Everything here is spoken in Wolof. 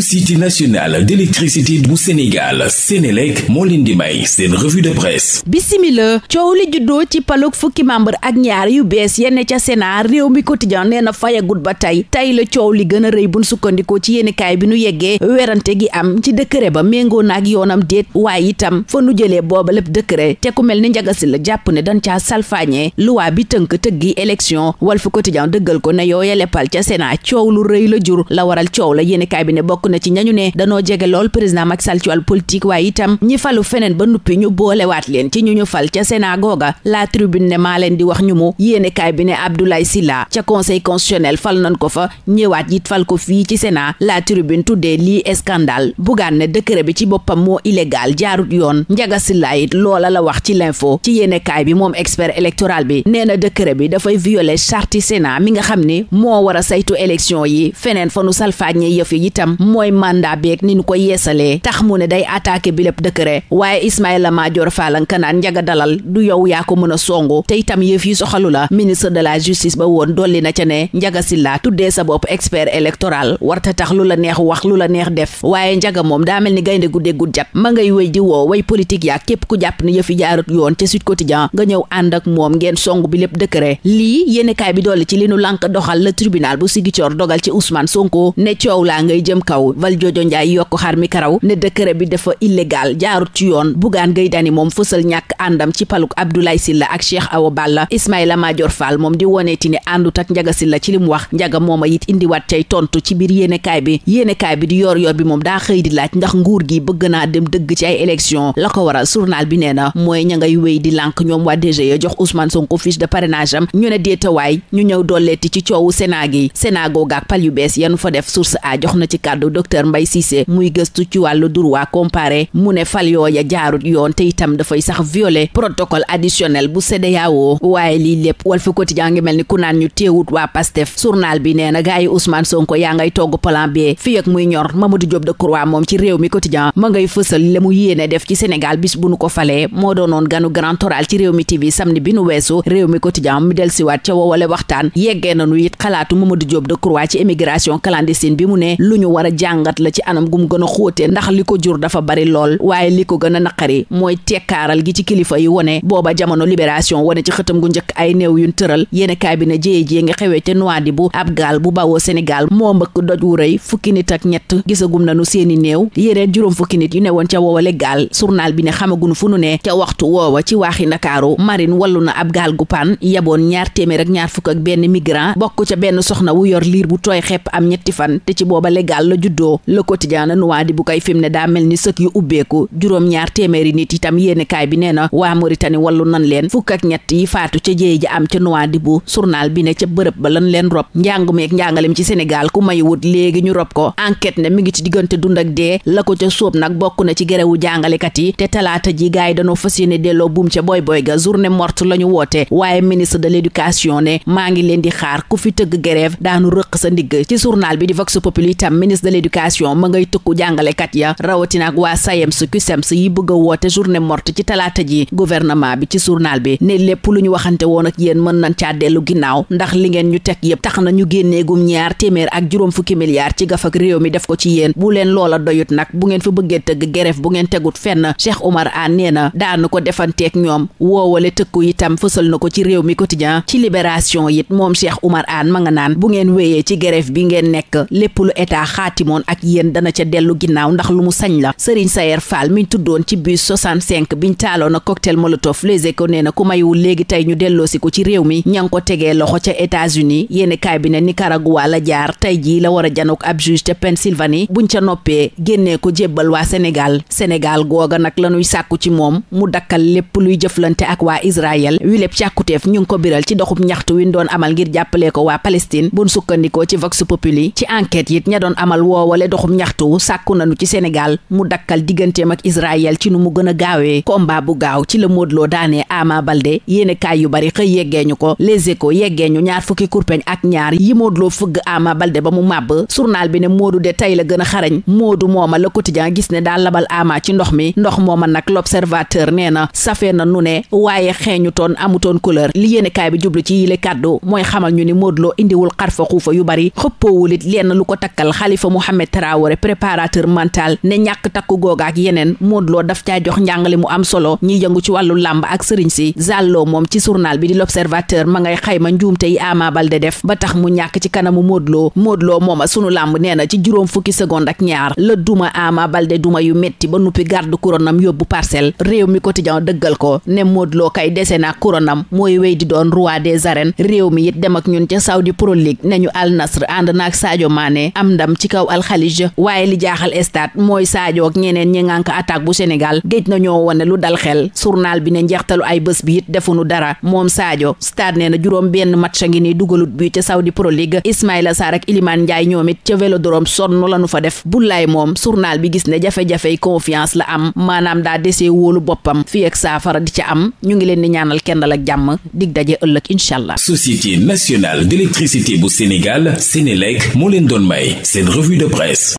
société nationale d'électricité bu Sénégal Sénélec moo leen bisimila coow li juddoo ci palug fukki membre ak ñaar yu bees yenn ca Sénat réew mi quotidien nee na fayagut ba tey tey la coow li gën a rëy buñ sukkandikoo ci yéenekaay bi nu yeggee werante gi am ci décret ba méngoo naag yoonam déet waaye itam fa nu jëlee booba lépp décret te ku mel ni njagasi la jàpp ne dañ caa salfaañee luwaa bi tënk tëggi élection Walf Quotidien dëggal ko ne yoo yeleppal ca Sénat coow lu rëy la jur la waral coow la bokk na ci ñañu ne danoo jege lool président Macky Sall ci wàllu politique waaye itam ñi falu feneen ba nuppi ñu boolewaat leen ci ñu ñu fal ca Sénat googa la tribune ne maa leen di wax ñu mu yéenekaay bi ne Abdoulaye Sylla ca conseil constitutionnel fal nañ ko fa ñëwaat it fal ko fii ci Sénat la tribune tuddee lii scandale bugaan ne décret bi ci boppam moo illégal jaarut yoon Njaga Sylla it loola la wax ci l'info ci yéenekaay bi moom expert électoral bi a mooy mandat beeg ni nu ko yeesalee tax mu ne day attaqué bi lépp décret waaye Ismaïla Madior Fall nga naan njaga dalal du yow yaa ko mën a songu te itam yëf yi soxalu la ministre de la justice ba woon dolli na ca ne njaga silla tuddee sa bopp expert électoral warta tax lu la neex wax lu la neex def waaye njaga moom daa mel ni gaynde gu déggul jàpp ma ngay wéy di woo way politique yaa képp ku jàpp ni yëf yi jaarut yoon ca Sud Quotidien nga ñëw ànd ak moom ngeen songu bi lépp décret lii yéenekaay bi dolli ci li nu lànk doxal la tribunal bu Ziguinchor dogal ci Ousmane Sonko ne coow laa ngay jëm kaw Valdiodio Ndiaye yokk xar mi karaw ne décret bi dafa illégal jaarut ci yoon Bougane Gueye Dany moom fësal ñàkk àndam ci paluk Abdoulaye Sylla ak Cheikh Awa Balla Ismaïla Madior Fall moom di woneeti ne àndut ak Ndiaga Sylla ci lim wax Ndiaga mooma it indiwaat cay tontu ci biir yéenekaay bi di yor yor bi moom daa xëy di laaj ndax nguur gi bëgg naa dem dëgg ci ay la ko waral journal bi nee na mooy ña ngay wéy di lànk ñoom waa DGE jox Ousmane Sonko fiche de parrainage am ñu ne déetawaay ñu ñëw dolleeti ci coowu Sénat a kàddu docteur Mbaye Cissé muy gëstu ci wàllu droit comparé mu ne fal yooya jaarut yoon te itam dafay sax violé protocole additionnel bu CEDEAO waaye lii lépp Walf Quotidien ngi mel ni ku ñu teewut waa Pastef journal bi nee na yi Ousmane Sonko yaa ngay togg plan B fii muy ñor Mamadou Diop Decroix moom ci réew mi quotidien ma ngay fësal la mu yéene def ci Sénégal bis bu nu ko falee moo doonoon ganu grand oral ci réew mi TV samedi a jàngat la ci anam gum gën a xóote ndax li ko jur dafa bari lool waaye li ko gën a naqari mooy tekkaaral gi ci kilifa yi wone booba jamono libération wone ci xëtam gu njëkk ay néew yuñ tëral yéene kaay bi na jéye-jee nga xewee ca Nouadhibou ab gaal bu bawoo Sénégal moo mbëkk doj wu rëy fukki nit ak ñett gisagum nanu seeni néew yéeneen juróom fukki nit yu ne woon ca woowale gaal journal bi ne xamagunu fu nu ne ca waxtu woowa ci waaxi ndakaaru marine wallu na ab gaal gu pan yaboon ñaar téeméer ñaar fukk benn migrant bokk ca benn soxna wu yor liir bu tooy xepp am ñetti juddoo le quotidien la nuwaa di bu koy fim ne daa mel ni sëkk yu ubbeeku juróom-ñaar téeméeri nit itam yéenekaay bi nee na waa Mauritanie wallu nan leen fukk ak ñett yi faatu ca jéye ji am ca nuwaa di bu bi ne ca bërëb ba lan leen rob njàngumeek njàngalem ci Sénégal ku may wut léegi ñu rob ko enquête ne mi ngi ci diggante dund ak dee la ko ca sóob nag bokk na ci gerewu jàngalekat yi te talaata ji gaay dañoo fas yéene delloo buum ca boy boy ga journée morte la ñu woote waaye ministre de l'éducation ne maa ngi leen di xaar ku fi tëgg grève daanu rëq sa ndigg ci journal bi l'éducation ma ngay tëkku jàngalekat ya rawatina ak waa SAEMS CUSEMS yi bëgg a woote journée morte ci talaata ji gouvernement bi ci journal bi ne lépp lu ñu waxante woon ak yéen mën nañ caa dellu ndax li ngeen ñu teg yépp tax na ñu génneegum ñaar téeméer ak juróom fukki milliards ci gafak réew mi def ko ci yéen bu leen loola doyut nag bu ngeen fi bëggee tëgg grève bu ngeen tegut fenn Cheikh Oumar Anne nee na daanu ko defanteeg ñoom woowale tëkku itam fësal na ko ci réew mi quotidien ci libération timoon ak yéen dana ca dellu ginnaaw ndax lu mu sañ la Serigne Sayer Fall mi tuddoon ci bus bi ñu taaloon ak cocktail molotov Les Échos nee na ku maywul léegi tey ñu delloosi ko ci réew mi ña ngi ko tegee loxo ca États-Unis yéeni kaay bi ne Nicaragua la jaar tey jii la war a janook ab juge ca Pennsylvanie buñ ca noppee génnee ko jébbal waa senegal Sénégal googa nag lañuy sàkku ci moom mu dakkal lépp luy jëflante ak waa Israël wi lépp càkkuteef ñu ngi ko biral ci doxub ñaxtu wi ñu doon amal ngir jàppalee ko waa Palestine buñ sukkandikoo ci Vox Populi ci yit ña woowale doxum ñaxtu sàkku nanu ci Sénégal mu dakkal digganteem ak Israël ci nu mu gën a gaawee combat bu gaaw ci la Modou Lo daanee Ama Baldé yéene kaay yu bari xëy yeggeeñu ko Les Échos yeggeeñu ñaar fukki kurpeñ ak ñaar yi Modou Lo fëgg Ama balde ba mu màbb journal bi ne Modou de tey la gën a xarañ Modou mooma Le Quotidien gis ne daal labal amaa ci ndox mi ndox mooma nag L'Observateur nee na safee na nu ne waaye xeeñu toon amutoon couleur li yéene bi jublu ci yile kàddu mooy xamal ñu ni Modou indiwul xarfa yu Mohamed Traoré préparateur mental ne ñàkk takku googa ak yeneen Modou Lo daf caa jox njàngale mu am solo ñiy yëngu ci wàllu làmb ak sëriñ si zàlloo moom ci journal bi di l'observateur ma ngay xayma njuumte yi Ama Baldé def ba tax mu ñàkk ci kanamu Modou Lo Modou Lo mooma sunu làmb nee na ci juróom fukki seconde ak ñaar la duma Ama Baldé duma yu metti ba nuppi garde couronam yóbbu parcelle réew mi quotidien dëggal ko ne Modou Lo kay dese na couronam mooy wéy di doon roi des réew mi dem ak ñun ca Saudi Pro League kaw alxalij waaye li jaaxal stade mooy Sadio ak ñeneen ñi ngànk attaque bu Sénégal géej nañoo wone lu dal xel journal bi ne njeextalu ay bés bi it defunu dara moom Sadio stade nee na juróom benn match a ngi nii dugalut bi ca Saudi Pro League Ismaïla Sarr ak Iliman Ndiaye ñoom it ca Vélodrome sonn lañu fa def bullaay moom journal bi gis ne jafe-jafey confiance la am maanaam daa desee wóolu boppam fii ak saafara di ca am ñu ngi leen di ñaanal kenn ak jàmm di daje ëllëg incha allah. Société de presse